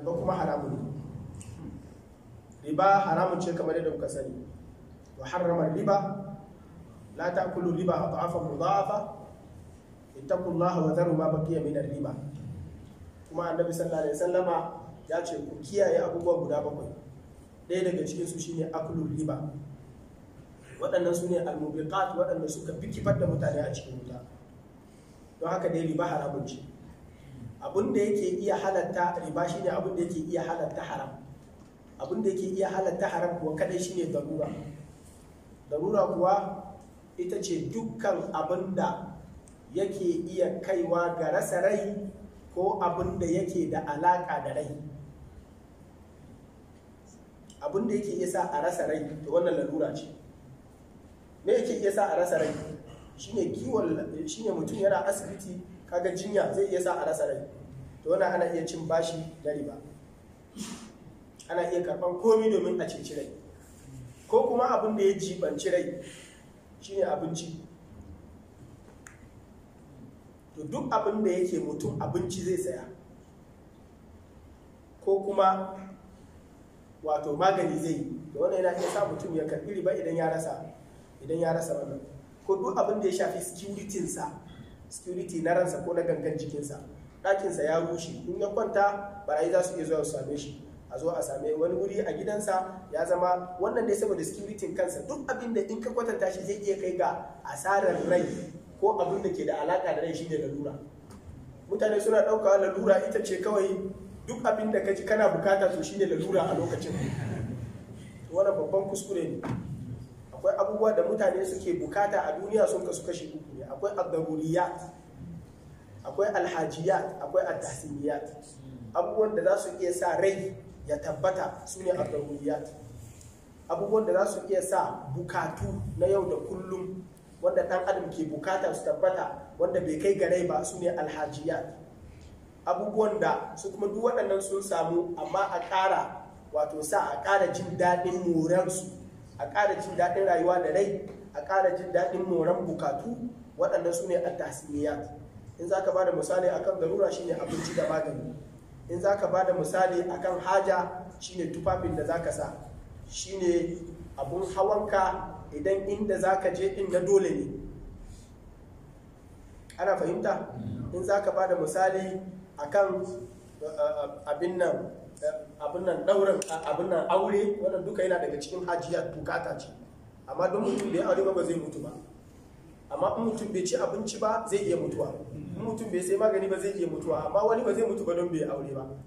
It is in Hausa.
riba kuma haramun riba haramun ce kamar yadda kuka sani wa harramar riba la ta'kulu riba adafan mudafa ittaqullaha wa dharu ma baqiya min riba kuma annabi sallallahu alaihi wasallama ya ce ku kiyaye abubuwa guda bakwai ɗaya daga cikin su shine Akulu riba waɗannan su ne almubiqat waɗanda suka fi kifar da mutane a cikin wuta don haka dai riba haramun ce abin da yake iya halatta riba shine abin da yake iya halatta haram abin da yake iya halatta haram kuwa kadai shine darura darura kuwa ita ce dukkan abin da yake iya kaiwa ga rasa rai ko abin da yake da alaƙa da rai abin da yake sa a rasa rai to wannan lalura ce me yake sa a rasa rai shine kiwon shine mutum yana asibiti kaga jinya zai iya sa a rasa rai to wannan ana iya cin bashi da riba ana iya karɓar komi domin a ceci rai ko kuma abin da ya jibanci rai shine abinci to duk abin da yake mutum abinci zai saya ko kuma wato magani zai yi da wannan yana iya sa mutum ya karɓi riba idan ya rasa idan ya rasa wannan ko duk abin da ya shafi securitinsa security na ransa ko na gangan jikinsa ɗakinsa ya rushe in ya kwanta barayi za su iya zuwa su same shi a zo a same wani wuri a gidansa ya zama wannan ne saboda security kansa duk abin da in ka kwatanta shi zai iya kai ga asarar rai ko abin da ke da alaka da rai shine lalura mutane suna ɗaukawa lalura ita ce kawai duk abin da ka ji kana bukata to shine lalura a lokacin wannan babban kuskure ne akwai abubuwa da mutane suke bukata a duniya sun kasu kashi uku ne akwai agaruriya, akwai alhajiya, akwai at abubuwan da za su iya sa rai ya tabbata su ne agaruriya. abubuwan da za su iya sa bukatu na yau da kullum wanda ɗan adam ke bukata su tabbata wanda bai kai gare ba su ne alhajiya. abubuwan da su kuma duk waɗannan sun samu amma a ƙara wato sa a ƙara jin daɗin moransu a ƙara jin daɗin rayuwa da rai a ƙara jin daɗin moran bukatu waɗannan su ne a tasiriya in za ka ba da misali akan garura shine abinci da magani in za ka ba da misali akan haja shine tufafin da za ka sa shine abun hawanka idan inda za ka je inda dole ne ana fahimta mm. in za ka ba da misali akan eh, eh, abin nan abin nan ɗaurin abin nan aure wannan duka yana daga cikin hajiya bukata ce amma don mutum bai aure ba ba zai mutu ba amma in mutum bai ci abinci ba zai iya mutuwa in mutum bai sai magani ba zai iya mutuwa amma wani ba zai mutu ba don bai aure ba